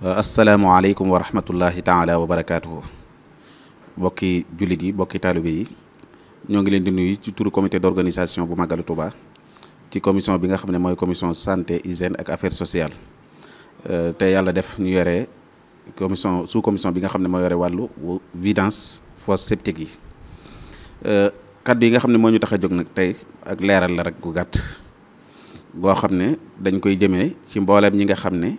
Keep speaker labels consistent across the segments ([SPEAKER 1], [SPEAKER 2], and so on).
[SPEAKER 1] asalaamualeykum wa rahmatullahi taala wa barakaatuhu bokki jullit yi bokki taalibe yi ñoo ngi leen di nuy ci turu comité d'organisation bu Màggalu Tuuba ci commission bi nga xam ne mooy commission santé hygiène ak affaires sociales euh, te yàlla def ñu yore commission sous commission bi nga xam ne moo yore wàllu vidange fosse septique yi euh, kaddu yi nga xam ne moo ñu tax a jóg nag tey ak leeral la rek gu gàtt boo xam ne dañ koy jëmee ci mbooleem ñi nga xam ne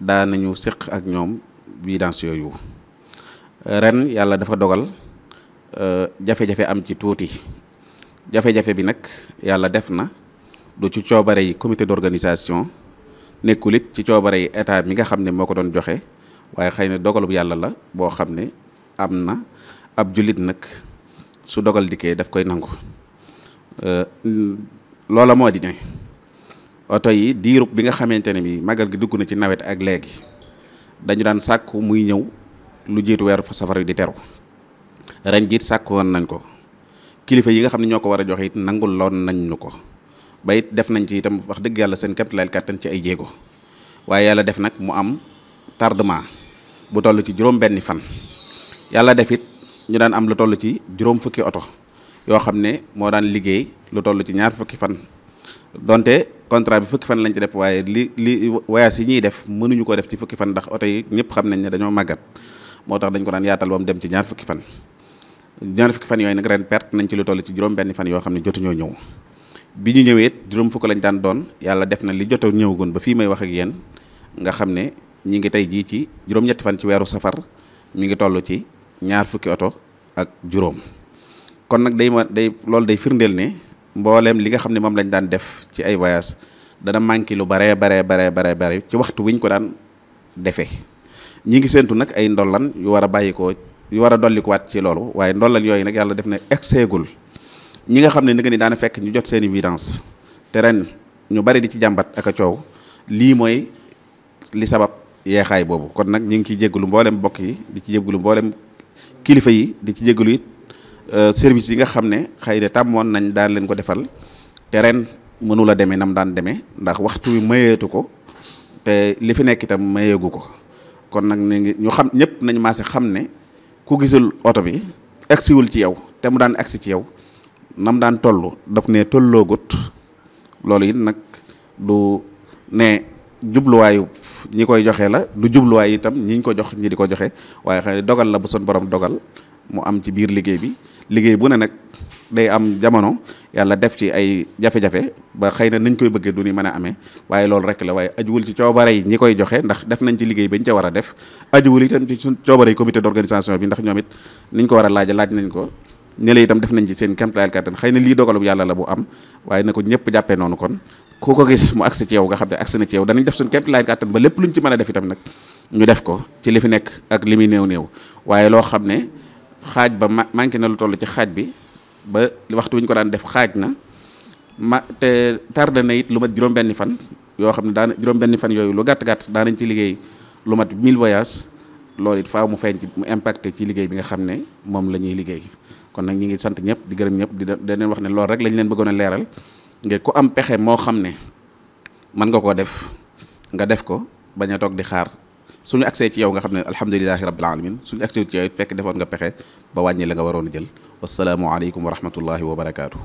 [SPEAKER 1] daanañu sekk ak ñoom vidange yooyu ren yàlla dafa dogal euh, jafe-jafe am ci tuuti jafe-jafe bi nag yàlla def na du ci coobare yi comité d'organisation nekkul ci coobare yi état mi nga xam ne moo ko doon joxe waaye xëy na dogalub yàlla la boo xam ne am na ab jullit nag su dogal dikkee daf koy nangu euh, loola moo di ne oto yi diirub bi nga xamante ne bi magal gi dugg na ci nawet ak léegi dañu daan sàkk muy ñëw lu jiitu weer fa safar di teru ren jiit sàkku woon nañ ko kilifa yi nga xam ne ñoo ko war a joxe it nangul loon nañ ñu ko ba it def nañ ci itam wax dëgg yàlla seen kéemtalaay kàttan ci ay jéego waaye yàlla def nag mu am tardement bu toll ci juróom benni fan yàlla def it ñu daan am lu toll ci juróom fukki oto yoo xam ne moo daan liggéey lu toll ci ñaar fukki fan donte contrat bi fukki fan lañ ci def waaye li li voyage yi ñuy def mënuñu ko def ci fukki fan ndax oto yi ñëpp xam nañ ne dañoo màggat moo tax dañ ko daan yaatal ba dem ci ñaar fukki fan ñaar fukki fan yooyu nag ren perte nañ ci lu toll ci juróom benn fan yoo xam ne jotuñoo ñëw ñu ñëwee juróom fukk lañ daan doon yàlla def na li jot a ñëwagoon ba fii may wax ak yéen nga xam ne ñi ngi tey jii ci juróom-ñetti fan ci weeru safar mi ngi toll ci ñaar fukki oto ak juróom kon nag day ma day loolu day firndeel ne mbooleem li nga xam ne moom lañ daan def ci ay voyage dana manqué lu baree baree baree baree bare ci waxtu wiñ ko daan defe ñi ngi séntu nag ay ndollan yu war a bàyyikoo yu war a dollikuwaat ci loolu waaye ndollan yooyu nag yàlla def na egseegul ñi nga xam ne ni nga ni daana fekk ñu jot seeni i te ren ñu bari di ci jàmbat ak a coow lii mooy li sabab yeexaay boobu kon nag ñu ngi ciy jégalu mboolem mbokk yi di ci jégalu mboolem kilifa yi di ci jégalu Euh, service yi nga xam ne xëy na tàmmoon nañ daan leen ko defal te ren mënula demee nam daan demee ndax waxtu wi mayeetu ko te li fi nekk itam mayeegu ko kon nag ñu ngi ñu xam ñëpp nañ maase xam ne ku gisul oto bi agsiwul ci yow te mu daan agsi ci yow nam daan toll daf ne tolloogut loolu it nag du ne jubluwaayu ñi koy joxe la du jubluwaay itam ñi ñu ko jox ñi di ko joxe waaye xëy dogal la bu son borom dogal mu am ci biir liggéey bi liggéey bu ne nag day am jamono yàlla def ci ay jafe-jafe ba xëy na nañ koy bëggee du ni mën a amee waaye loolu rek la waaye ajuwul ci coobare yi ñi koy joxe ndax def nañ ci liggéey bañ ca war a def ajuwul itam ci suñ coobare yi bi ndax ñoom it niñ ko war laaj laaj nañ ko ñële itam def nañ ci seen kéemtalaayal kàttan xëy na lii dogalub yàlla la bu am waaye na ko ñëpp jàppee noonu kon ku ko gis mu agsi ci yow ne agsi na ci yow danañ def suñ kéemtalaayal kàttan ba lépp luñ ci mën a ñu def ko ci li fi nekk ak li muy néew néew waaye loo xam ne xaaj ba ma manqué na lu toll ci xaaj bi ba waxtu wi ñu ko daan def xaaj na ma te tardé na it lu mat juróom-benni fan yoo xam ne daan juróom fan yooyu lu gàtt gàtt daanañ ci liggéey lu mat 1000 voyages loolu it faaw mu feeñ ci mu impacté ci liggéey bi nga xam ne moom lañuy liggéey kon nag ñu ngi sant ñëpp di gërëm ñëpp di leen wax ne loolu rek lañ leen bëggoon a leeral ngir ku am pexe moo xam ne mën nga koo def nga def ko bañ a toog di xaar. suñu accès ci yow nga xamne ne rabbil alamin suñu accès ci yow fekk defoon nga pexe ba wàññi la nga waroon jël jël alaykum wa rahmatullahi wa barakatuh